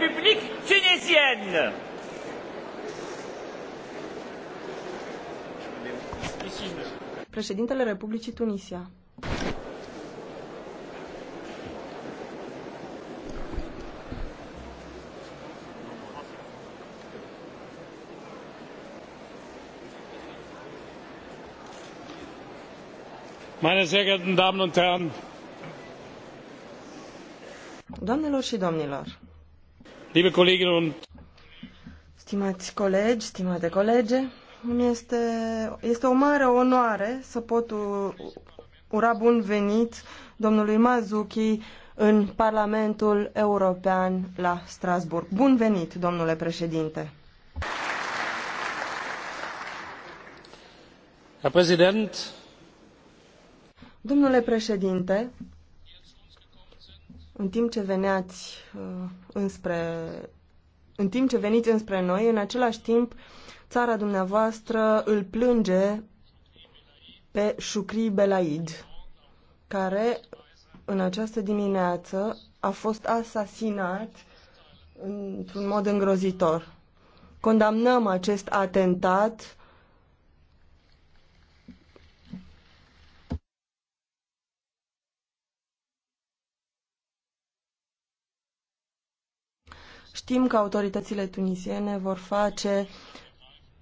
République tunisienne. Președintele Republicii Tunisia. Meine sehr geehrten Damen und Herren, Doamnelor și domnilor, Liebe Kolleginnen und Stimați colegi, stimate colege, este, este o mare onoare să pot ura bun venit domnului Mazuchi în Parlamentul European la Strasburg. Bun venit, domnule președinte! Herr Präsident! Domnule președinte, în timp ce veneați uh, înspre în timp ce veniți înspre noi, în același timp, țara dumneavoastră îl plânge pe Shukri Belaid, care în această dimineață a fost asasinat într-un mod îngrozitor. Condamnăm acest atentat Știm că autoritățile tunisiene vor face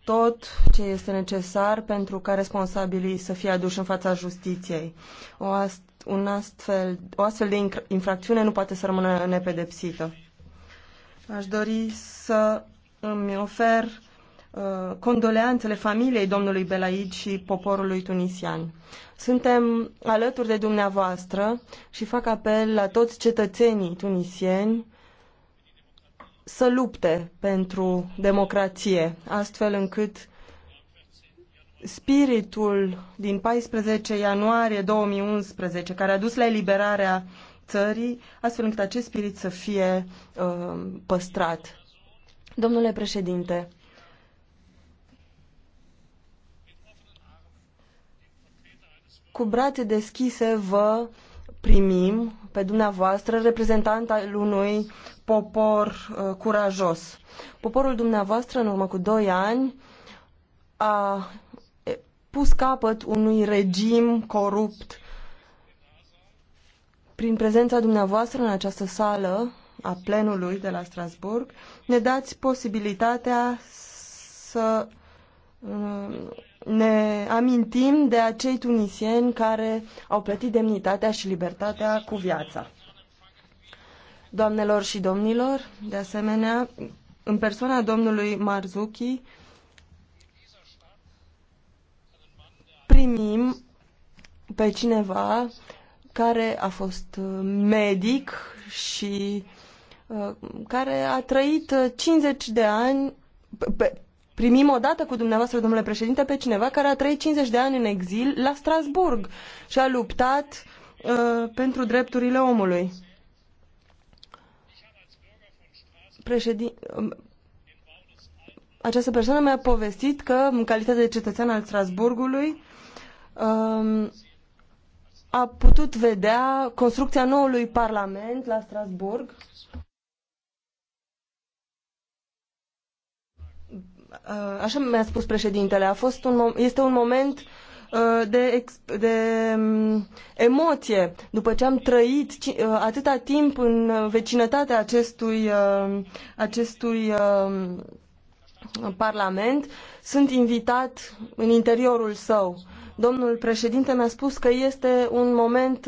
tot ce este necesar pentru ca responsabilii să fie aduși în fața justiției. O, ast un astfel, o astfel de infracțiune nu poate să rămână nepedepsită. Aș dori să îmi ofer uh, condoleanțele familiei domnului Belaid și poporului tunisian. Suntem alături de dumneavoastră și fac apel la toți cetățenii tunisieni să lupte pentru democrație, astfel încât spiritul din 14 ianuarie 2011, care a dus la eliberarea țării, astfel încât acest spirit să fie uh, păstrat. Domnule președinte, cu brațe deschise vă primim pe dumneavoastră reprezentant al unui popor uh, curajos. Poporul dumneavoastră, în urmă cu doi ani, a pus capăt unui regim corupt. Prin prezența dumneavoastră în această sală a plenului de la Strasburg, ne dați posibilitatea să uh, ne amintim de acei tunisieni care au plătit demnitatea și libertatea cu viața. Doamnelor și domnilor, de asemenea, în persoana domnului Marzuki, primim pe cineva care a fost uh, medic și uh, care a trăit 50 uh, de ani pe, primim odată cu dumneavoastră, domnule președinte, pe cineva care a trăit 50 de ani în exil la Strasburg și a luptat uh, pentru drepturile omului. președin... această persoană mi-a povestit că, în calitate de cetățean al Strasburgului, um, a putut vedea construcția noului Parlament la Strasburg. Uh, așa mi-a spus președintele. A fost un, este un moment uh, Uh, de, de um, emoție după ce am trăit uh, atâta timp în vecinătatea acestui, uh, acestui um, Parlament, sunt invitat în interiorul său. Domnul președinte mi-a spus că este un moment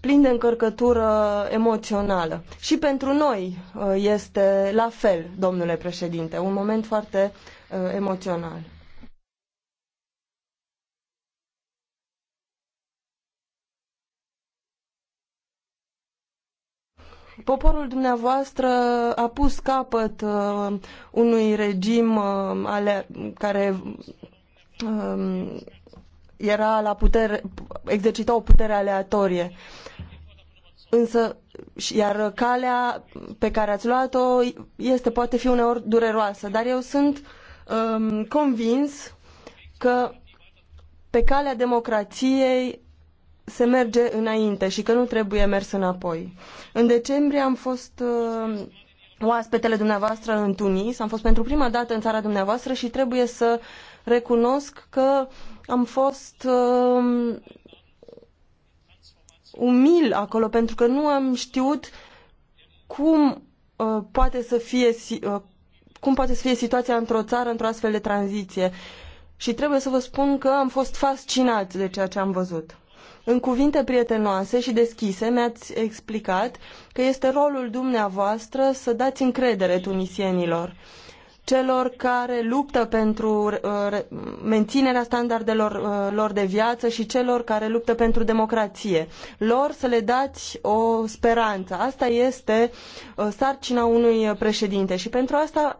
plin de încărcătură emoțională. Și pentru noi este la fel, domnule președinte, un moment foarte emoțional. Poporul dumneavoastră a pus capăt uh, unui regim uh, ale, care uh, era la putere, exercita o putere aleatorie. Însă, iar calea pe care ați luat-o este, poate fi uneori dureroasă, dar eu sunt um, convins că pe calea democrației se merge înainte și că nu trebuie mers înapoi. În decembrie am fost uh, oaspetele dumneavoastră în Tunis, am fost pentru prima dată în țara dumneavoastră și trebuie să recunosc că am fost uh, umil acolo pentru că nu am știut cum uh, poate să fie uh, cum poate să fie situația într-o țară într-o astfel de tranziție. Și trebuie să vă spun că am fost fascinat de ceea ce am văzut. În cuvinte prietenoase și deschise mi-ați explicat că este rolul dumneavoastră să dați încredere tunisienilor celor care luptă pentru uh, menținerea standardelor uh, lor de viață și celor care luptă pentru democrație. Lor să le dați o speranță. Asta este uh, sarcina unui președinte și pentru asta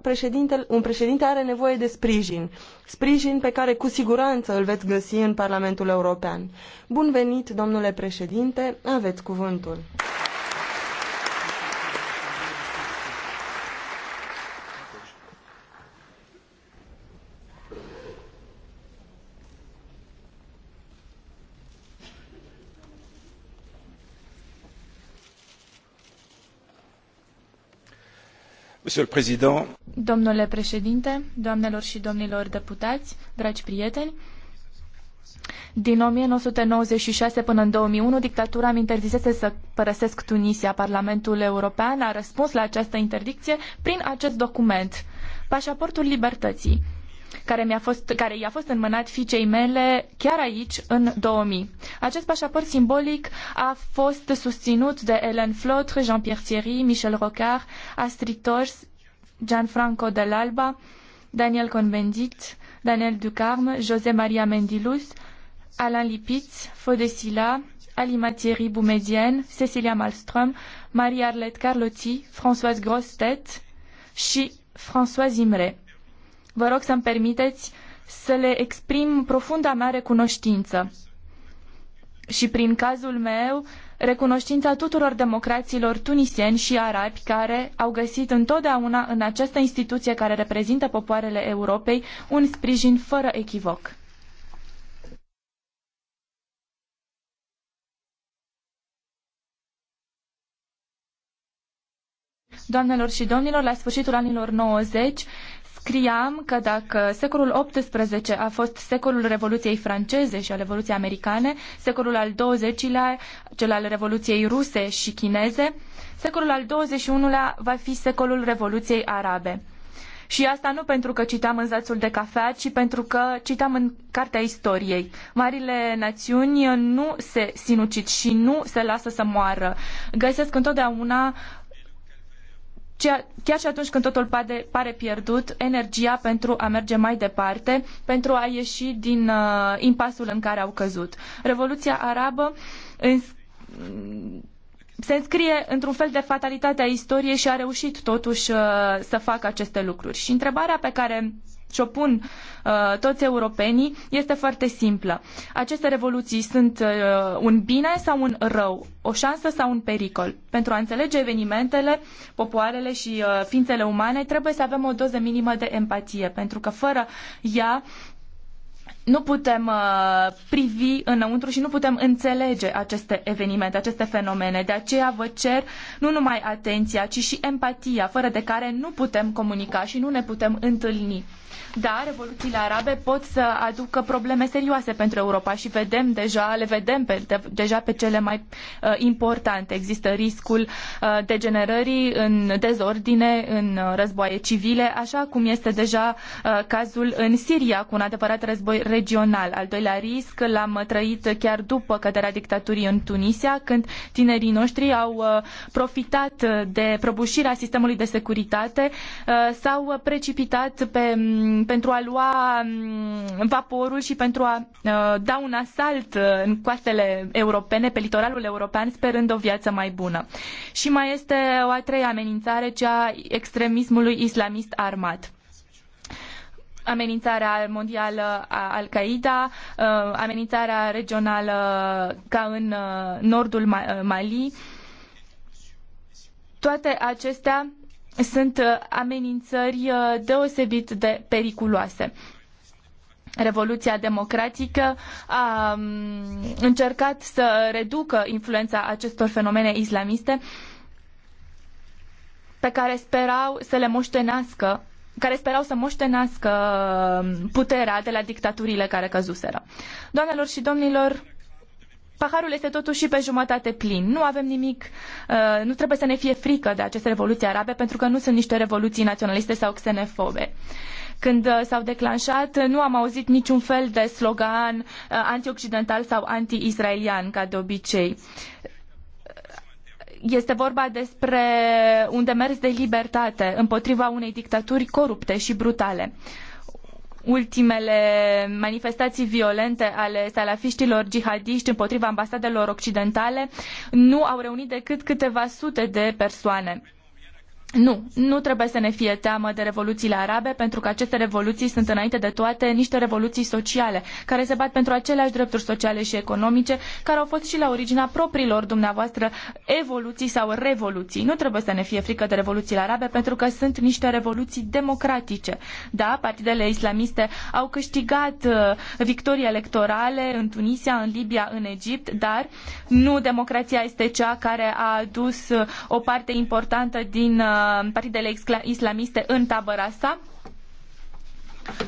un președinte are nevoie de sprijin. Sprijin pe care cu siguranță îl veți găsi în Parlamentul European. Bun venit, domnule președinte, aveți cuvântul. Domnule președinte, doamnelor și domnilor deputați, dragi prieteni, din 1996 până în 2001, dictatura îmi interzisese să părăsesc Tunisia. Parlamentul European a răspuns la această interdicție prin acest document, Pașaportul Libertății care, mi-a fost, care i-a fost înmânat fiicei mele chiar aici, în 2000. Acest pașaport simbolic a fost susținut de Ellen Flotre, Jean-Pierre Thierry, Michel Rocard, Astrid Tors, Gianfranco Dell'Alba, Daniel Convendit, Daniel Ducarme, José Maria Mendilus, Alain Lipitz, Fodesila, Alima Thierry Boumedienne, Cecilia Malmström, Marie-Arlette Carlotti, Françoise Grostet și Françoise Imre. Vă rog să-mi permiteți să le exprim profunda mea recunoștință și prin cazul meu recunoștința tuturor democraților tunisieni și arabi care au găsit întotdeauna în această instituție care reprezintă popoarele Europei un sprijin fără echivoc. Doamnelor și domnilor, la sfârșitul anilor 90, scriam că dacă secolul XVIII a fost secolul Revoluției franceze și al Revoluției americane, secolul al XX-lea cel al Revoluției ruse și chineze, secolul al XXI-lea va fi secolul Revoluției arabe. Și asta nu pentru că citam în zațul de cafea, ci pentru că citam în cartea istoriei. Marile națiuni nu se sinucid și nu se lasă să moară. Găsesc întotdeauna chiar și atunci când totul pare pierdut, energia pentru a merge mai departe, pentru a ieși din uh, impasul în care au căzut. Revoluția arabă se înscrie într-un fel de fatalitate a istoriei și a reușit totuși uh, să facă aceste lucruri. Și întrebarea pe care și-o pun uh, toți europenii este foarte simplă. Aceste revoluții sunt uh, un bine sau un rău, o șansă sau un pericol. Pentru a înțelege evenimentele, popoarele și uh, ființele umane, trebuie să avem o doză minimă de empatie, pentru că fără ea nu putem uh, privi înăuntru și nu putem înțelege aceste evenimente, aceste fenomene. De aceea vă cer nu numai atenția, ci și empatia, fără de care nu putem comunica și nu ne putem întâlni dar revoluțiile arabe pot să aducă probleme serioase pentru Europa și vedem deja, le vedem pe, de, deja pe cele mai uh, importante. Există riscul uh, degenerării în dezordine, în uh, războaie civile, așa cum este deja uh, cazul în Siria cu un adevărat război regional. Al doilea risc l-am trăit chiar după căderea dictaturii în Tunisia, când tinerii noștri au uh, profitat uh, de prăbușirea sistemului de securitate, uh, s-au uh, precipitat pe um, pentru a lua mm, vaporul și pentru a uh, da un asalt uh, în coastele europene, pe litoralul european, sperând o viață mai bună. Și mai este o a treia amenințare, cea extremismului islamist armat amenințarea mondială a Al-Qaeda, uh, amenințarea regională ca în nordul Mali. Toate acestea sunt uh, amenințări uh, deosebit de periculoase. Revoluția democratică a um, încercat să reducă influența acestor fenomene islamiste pe care sperau să le moștenească care sperau să moștenească um, puterea de la dictaturile care căzuseră. Doamnelor și domnilor, paharul este totuși pe jumătate plin. Nu avem nimic, uh, nu trebuie să ne fie frică de aceste revoluții arabe pentru că nu sunt niște revoluții naționaliste sau xenofobe când uh, s-au declanșat, nu am auzit niciun fel de slogan uh, antioccidental sau anti-israelian, ca de obicei. Este vorba despre un demers de libertate împotriva unei dictaturi corupte și brutale. Uh, ultimele manifestații violente ale salafiștilor jihadiști împotriva ambasadelor occidentale nu au reunit decât câteva sute de persoane nu, nu trebuie să ne fie teamă de revoluțiile arabe, pentru că aceste revoluții sunt înainte de toate niște revoluții sociale, care se bat pentru aceleași drepturi sociale și economice, care au fost și la originea propriilor dumneavoastră evoluții sau revoluții. Nu trebuie să ne fie frică de revoluțiile arabe, pentru că sunt niște revoluții democratice. Da, partidele islamiste au câștigat uh, victorii electorale în Tunisia, în Libia, în Egipt, dar nu democrația este cea care a adus uh, o parte importantă din uh, Uh, partidele islamiste în tabăra sa?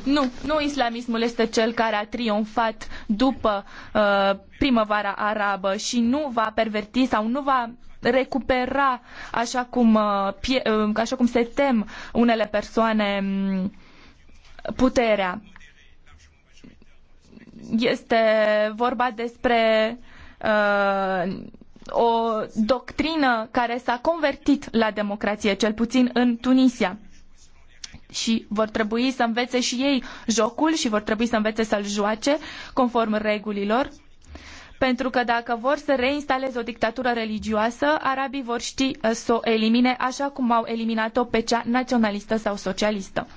Nu, nu islamismul este cel care a triumfat după uh, primăvara arabă și nu va perverti sau nu va recupera așa cum, uh, pie, uh, așa cum se tem unele persoane um, puterea. Este vorba despre uh, o doctrină care s-a convertit la democrație, cel puțin în Tunisia. Și vor trebui să învețe și ei jocul și vor trebui să învețe să-l joace conform regulilor. Pentru că dacă vor să reinstaleze o dictatură religioasă, arabii vor ști să o elimine așa cum au eliminat-o pe cea naționalistă sau socialistă.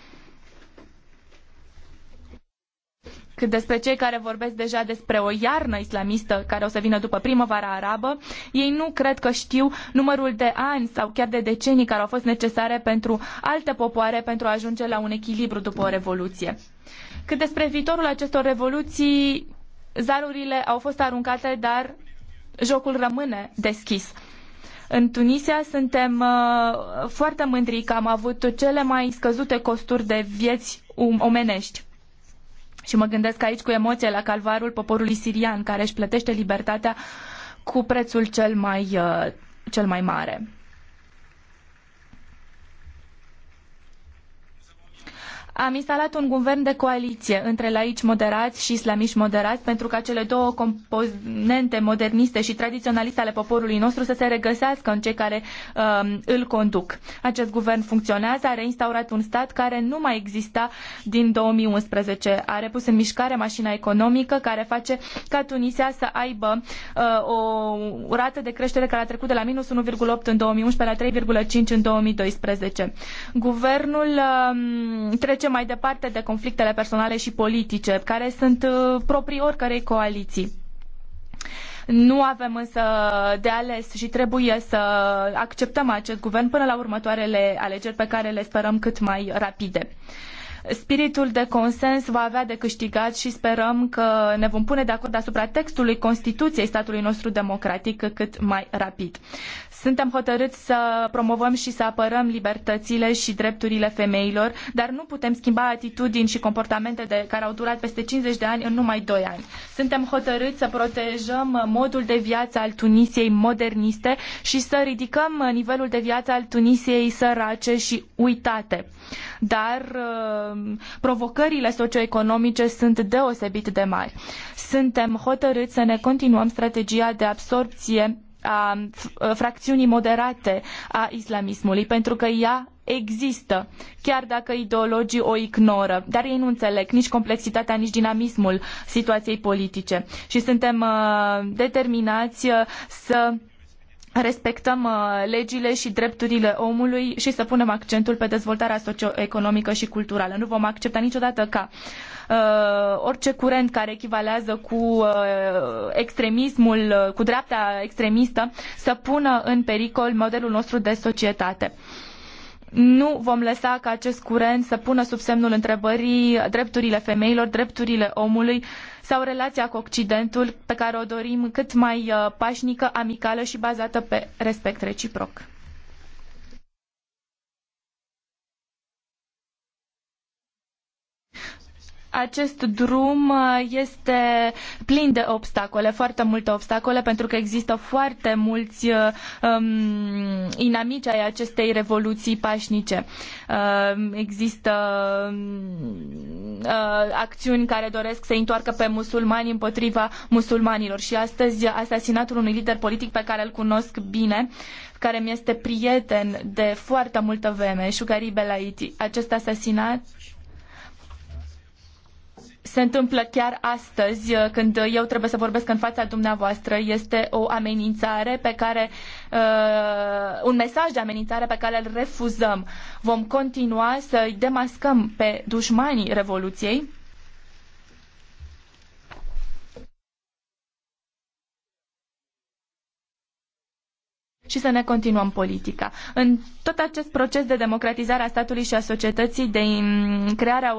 cât despre cei care vorbesc deja despre o iarnă islamistă care o să vină după primăvara arabă, ei nu cred că știu numărul de ani sau chiar de decenii care au fost necesare pentru alte popoare pentru a ajunge la un echilibru după o revoluție. Cât despre viitorul acestor revoluții, zarurile au fost aruncate, dar jocul rămâne deschis. În Tunisia suntem uh, foarte mândri că am avut cele mai scăzute costuri de vieți um, omenești și mă gândesc aici cu emoție la calvarul poporului sirian care își plătește libertatea cu prețul cel mai, uh, cel mai mare. Am instalat un guvern de coaliție între laici moderați și islamiști moderați pentru ca cele două componente moderniste și tradiționaliste ale poporului nostru să se regăsească în cei care um, îl conduc. Acest guvern funcționează, a reinstaurat un stat care nu mai exista din 2011. A repus în mișcare mașina economică care face ca Tunisia să aibă uh, o rată de creștere care a trecut de la minus 1,8 în 2011 la 3,5 în 2012. Guvernul um, trece mergem mai departe de conflictele personale și politice, care sunt uh, proprii oricărei coaliții. Nu avem însă de ales și trebuie să acceptăm acest guvern până la următoarele alegeri pe care le sperăm cât mai rapide. Spiritul de consens va avea de câștigat și sperăm că ne vom pune de acord asupra textului Constituției statului nostru democratic cât mai rapid. Suntem hotărâți să promovăm și să apărăm libertățile și drepturile femeilor, dar nu putem schimba atitudini și comportamente de, care au durat peste 50 de ani în numai 2 ani. Suntem hotărâți să protejăm modul de viață al Tunisiei moderniste și să ridicăm nivelul de viață al Tunisiei sărace și uitate. Dar uh, Um, provocările socioeconomice sunt deosebit de mari. Suntem hotărâți să ne continuăm strategia de absorpție a uh, fracțiunii moderate a islamismului, pentru că ea există, chiar dacă ideologii o ignoră. Dar ei nu înțeleg nici complexitatea, nici dinamismul situației politice. Și suntem uh, determinați uh, să respectăm uh, legile și drepturile omului și să punem accentul pe dezvoltarea socioeconomică și culturală. Nu vom accepta niciodată ca uh, orice curent care echivalează cu uh, extremismul, uh, cu dreapta extremistă, să pună în pericol modelul nostru de societate. Uh, nu vom lăsa ca acest curent să pună sub semnul întrebării drepturile femeilor, drepturile omului sau relația cu Occidentul pe care o dorim cât mai uh, pașnică, amicală și bazată pe respect reciproc. acest drum uh, este plin de obstacole, foarte multe obstacole, pentru că există foarte mulți uh, um, inamici ai acestei revoluții pașnice. Uh, există um, uh, acțiuni care doresc să întoarcă pe musulmani împotriva musulmanilor și astăzi asasinatul unui lider politic pe care îl cunosc bine care mi este prieten de foarte multă vreme, Shugari Belaiti. Acest asasinat se întâmplă chiar astăzi, uh, când eu trebuie să vorbesc în fața dumneavoastră, este o amenințare pe care, uh, un mesaj de amenințare pe care îl refuzăm. Vom continua să-i demascăm pe dușmanii Revoluției și să ne continuăm politica. În tot acest proces de democratizare a statului și a societății, de crearea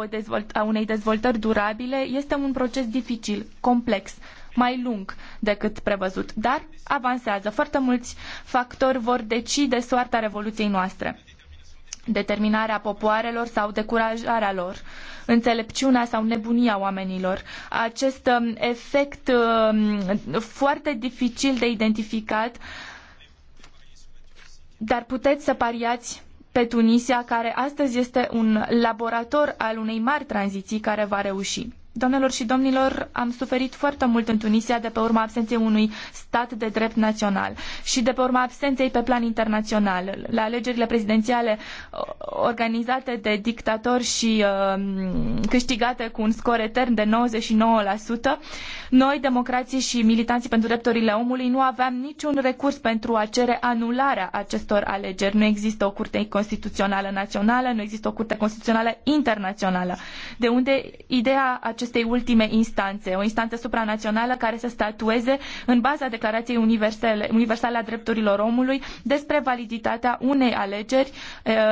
a unei dezvoltări durabile, este un proces dificil, complex, mai lung decât prevăzut, dar avansează. Foarte mulți factori vor decide soarta revoluției noastre determinarea popoarelor sau decurajarea lor, înțelepciunea sau nebunia oamenilor. Acest um, efect um, foarte dificil de identificat uh, dar puteți să pariați pe Tunisia, care astăzi este un laborator al unei mari tranziții care va reuși. Domnilor și domnilor, am suferit foarte mult în Tunisia de pe urma absenței unui stat de drept național și de pe urma absenței pe plan internațional. La alegerile prezidențiale organizate de dictatori și uh, câștigate cu un scor etern de 99%, noi, democrații și militanții pentru drepturile omului, nu aveam niciun recurs pentru a cere anularea acestor alegeri. Nu există o curte constituțională națională, nu există o curte constituțională internațională. De unde ideea acestui acestei ultime instanțe, o instanță supranațională care să statueze, în baza Declarației Universale, Universale a Drepturilor Omului, despre validitatea unei alegeri,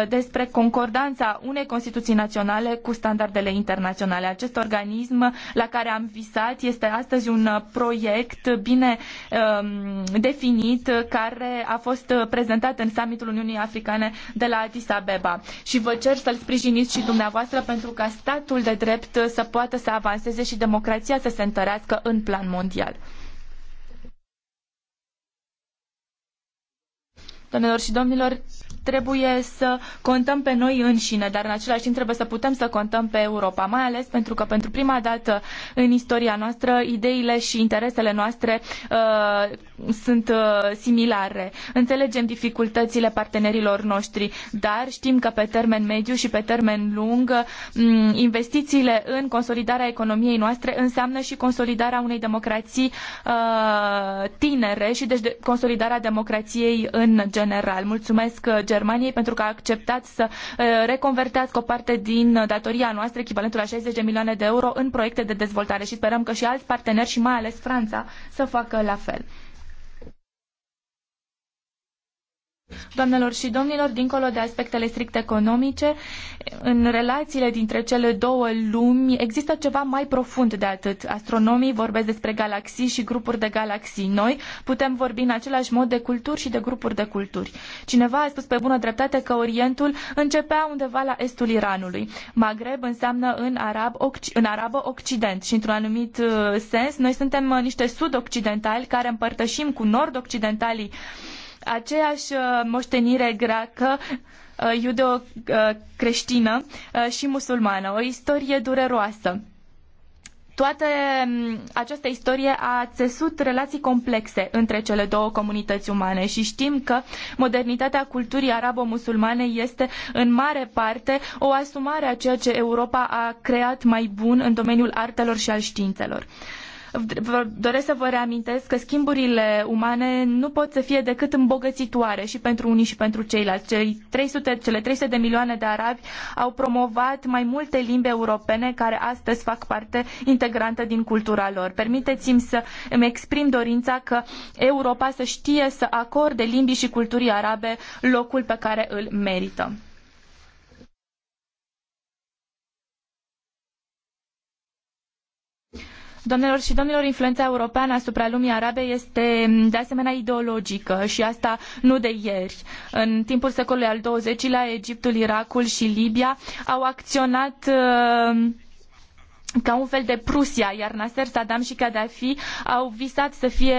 despre concordanța unei Constituții naționale cu standardele internaționale. Acest organism la care am visat este astăzi un proiect bine um, definit care a fost prezentat în summitul Uniunii Africane de la Addis Abeba. Și vă cer să-l sprijiniți și dumneavoastră pentru ca statul de drept să poată să avanseze și democrația să se întărească în plan mondial. Doamnelor și domnilor, trebuie să contăm pe noi înșine, dar în același timp trebuie să putem să contăm pe Europa, mai ales pentru că pentru prima dată în istoria noastră ideile și interesele noastre uh, sunt uh, similare. Înțelegem dificultățile partenerilor noștri, dar știm că pe termen mediu și pe termen lung um, investițiile în consolidarea economiei noastre înseamnă și consolidarea unei democrații uh, tinere și deci de consolidarea democrației în general. Mulțumesc uh, Germaniei pentru că a acceptat să uh, reconvertească o parte din uh, datoria noastră, echivalentul la 60 de milioane de euro, în proiecte de dezvoltare și sperăm că și alți parteneri și mai ales Franța să facă la fel. Doamnelor și domnilor, dincolo de aspectele strict economice, în relațiile dintre cele două lumi există ceva mai profund de atât. Astronomii vorbesc despre galaxii și grupuri de galaxii. Noi putem vorbi în același mod de culturi și de grupuri de culturi. Cineva a spus pe bună dreptate că Orientul începea undeva la estul Iranului. Maghreb înseamnă în, arab, în arabă Occident și într-un anumit uh, sens noi suntem uh, niște sud-occidentali care împărtășim cu nord-occidentalii uh, aceeași uh, moștenire greacă, uh, iudeo-creștină uh, și musulmană. O istorie dureroasă. Toată mm, această istorie a țesut relații complexe între cele două comunități umane și știm că modernitatea culturii arabo-musulmane este în mare parte o asumare a ceea ce Europa a creat mai bun în domeniul artelor și al științelor. Uh, Vă doresc să vă reamintesc că schimburile umane nu pot să fie decât îmbogățitoare și pentru unii și pentru ceilalți. Cei 300, cele 300 de milioane de arabi au promovat mai multe limbi europene care astăzi fac parte integrantă din cultura lor. Permiteți-mi să îmi exprim dorința că Europa să știe să acorde limbii și culturii arabe locul pe care îl merită. Doamnelor și domnilor, influența europeană asupra lumii arabe este mm, de asemenea ideologică și asta nu de ieri. În timpul secolului al XX-lea, Egiptul, Irakul și Libia au acționat uh, ca un fel de Prusia, iar Nasser, Saddam și Gaddafi au visat să fie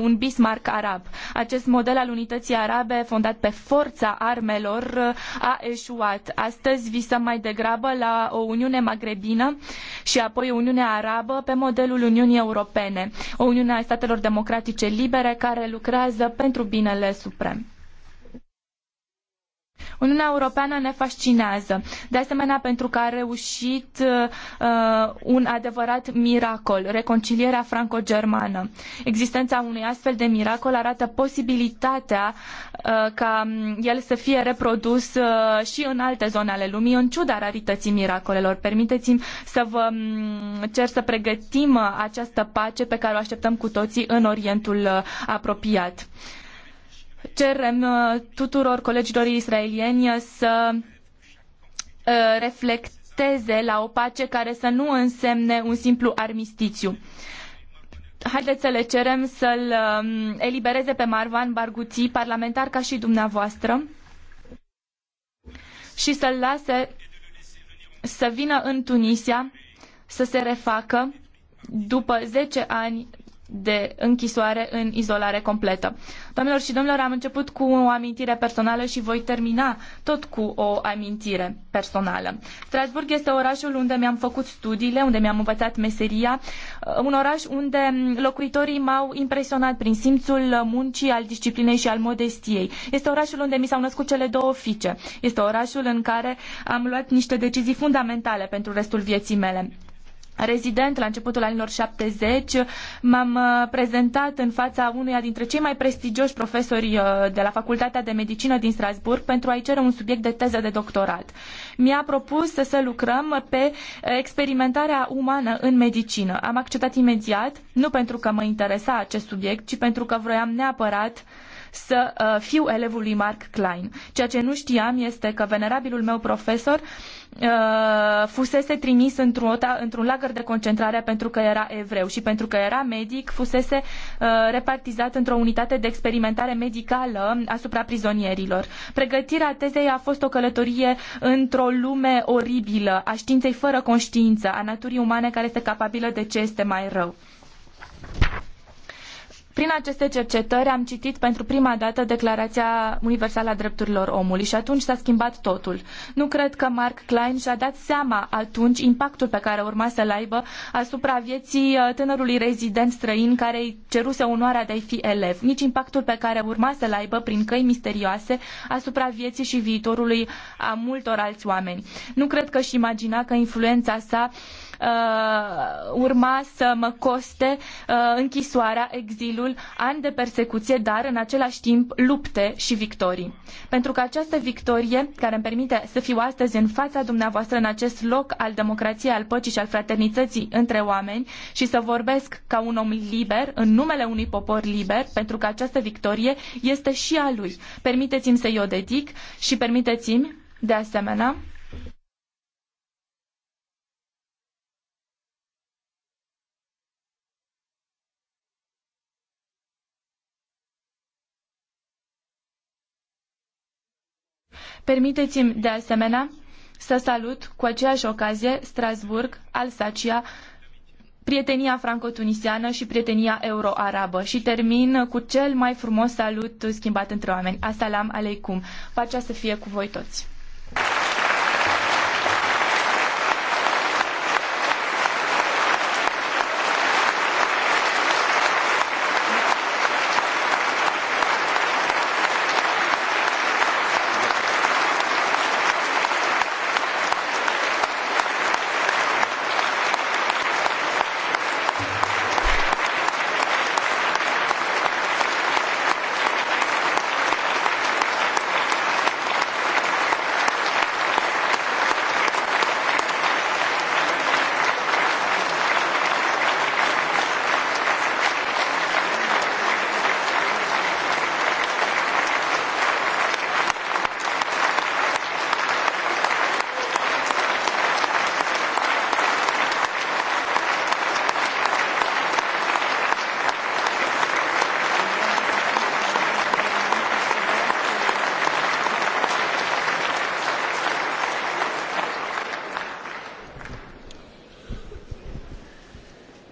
un Bismarck arab. Acest model al unității arabe, fondat pe forța armelor, a eșuat. Astăzi visăm mai degrabă la o Uniune magrebină și apoi o Uniune arabă pe modelul Uniunii Europene, o Uniune a statelor democratice libere care lucrează pentru binele suprem. Uniunea Europeană ne fascinează, de asemenea pentru că a reușit uh, un adevărat miracol, reconcilierea franco-germană. Existența unui astfel de miracol arată posibilitatea uh, ca um, el să fie reprodus uh, și în alte zone ale lumii, în ciuda rarității miracolelor. Permiteți-mi să vă um, cer să pregătim uh, această pace pe care o așteptăm cu toții în Orientul uh, apropiat. Uh, cerem uh, tuturor colegilor israelieni să uh, reflecteze la o pace care să nu însemne un simplu armistițiu. Haideți să le cerem să-l um, elibereze pe Marwan Barghouti, parlamentar ca și dumneavoastră, și să-l lase să vină în Tunisia să se refacă după zece ani de închisoare în izolare completă. Doamnelor și domnilor, am început cu o amintire personală și voi termina tot cu o amintire personală. Strasburg este orașul unde mi-am făcut studiile, unde mi-am învățat meseria, uh, un oraș unde locuitorii m-au impresionat prin simțul muncii, al disciplinei și al modestiei. Este orașul unde mi s-au născut cele două fiice. Este orașul în care am luat niște decizii fundamentale pentru restul vieții mele rezident la începutul anilor 70, m-am uh, prezentat în fața unuia dintre cei mai prestigioși profesori uh, de la Facultatea de Medicină din Strasbourg pentru a-i cere un subiect de teză de doctorat. Mi-a propus să lucrăm pe experimentarea umană în medicină. Am acceptat imediat, nu pentru că mă interesa acest subiect, ci pentru că vroiam neapărat să uh, fiu elevul lui Mark Klein. Ceea ce nu știam este că venerabilul meu profesor uh, Uh, fusese trimis într-un, într-un lagăr de concentrare pentru că era evreu și pentru că era medic fusese uh, repartizat într-o unitate de experimentare medicală asupra prizonierilor. Pregătirea tezei a fost o călătorie într-o lume oribilă, a științei fără conștiință, a naturii umane care este capabilă de ce este mai rău. Prin aceste cercetări am citit pentru prima dată Declarația Universală a Drepturilor Omului și atunci s-a schimbat totul. Nu cred că Mark Klein și-a dat seama atunci impactul pe care urma să-l aibă asupra vieții uh, tânărului rezident străin care îi ceruse onoarea de a fi elev, nici impactul pe care urma să-l aibă prin căi misterioase asupra vieții și viitorului a multor alți oameni. Nu cred că și imagina că influența sa uh, urma să mă coste uh, închisoarea, exilul Consiliul ani de persecuție, dar în același timp lupte și victorii. Pentru că această victorie, care îmi permite să fiu astăzi în fața dumneavoastră în acest loc al democrației, al păcii și al fraternității între oameni și să vorbesc ca un om liber, în numele unui popor liber, pentru că această victorie este și a lui. Permiteți-mi să-i o dedic și permiteți-mi, de asemenea, Permiteți-mi de asemenea să salut cu aceeași ocazie Strasbourg, Alsacia, prietenia franco-tunisiană și prietenia euro-arabă și termin cu cel mai frumos salut schimbat între oameni. Asalam alaikum. Pacea să fie cu voi toți.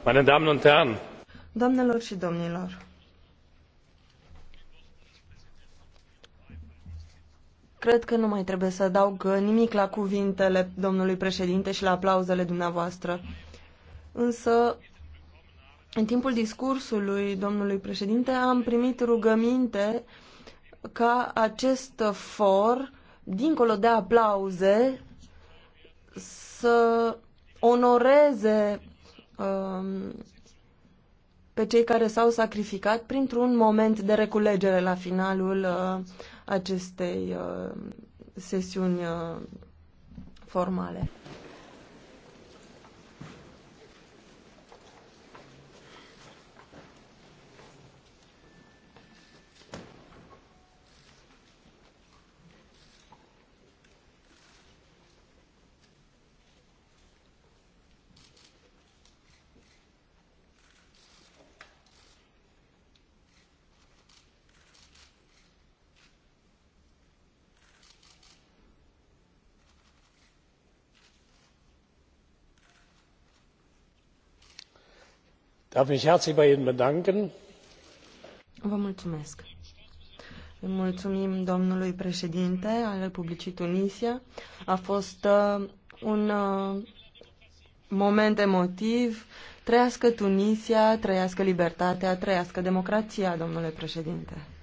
Meine Damen und Herren! Doamnelor și domnilor! Cred că nu mai trebuie să adaug nimic la cuvintele domnului președinte și la aplauzele dumneavoastră. Însă, în timpul discursului domnului președinte, am primit rugăminte ca acest for, dincolo de aplauze, să onoreze Um, pe cei care s-au sacrificat printr-un moment de reculegere la finalul uh, acestei uh, sesiuni uh, formale. darf mich herzlich bei Ihnen bedanken. Vă mulțumesc. Îi mulțumim domnului președinte al Republicii Tunisia. A fost uh, un uh, moment emotiv. Trăiască Tunisia, trăiască libertatea, trăiască democrația, domnule președinte.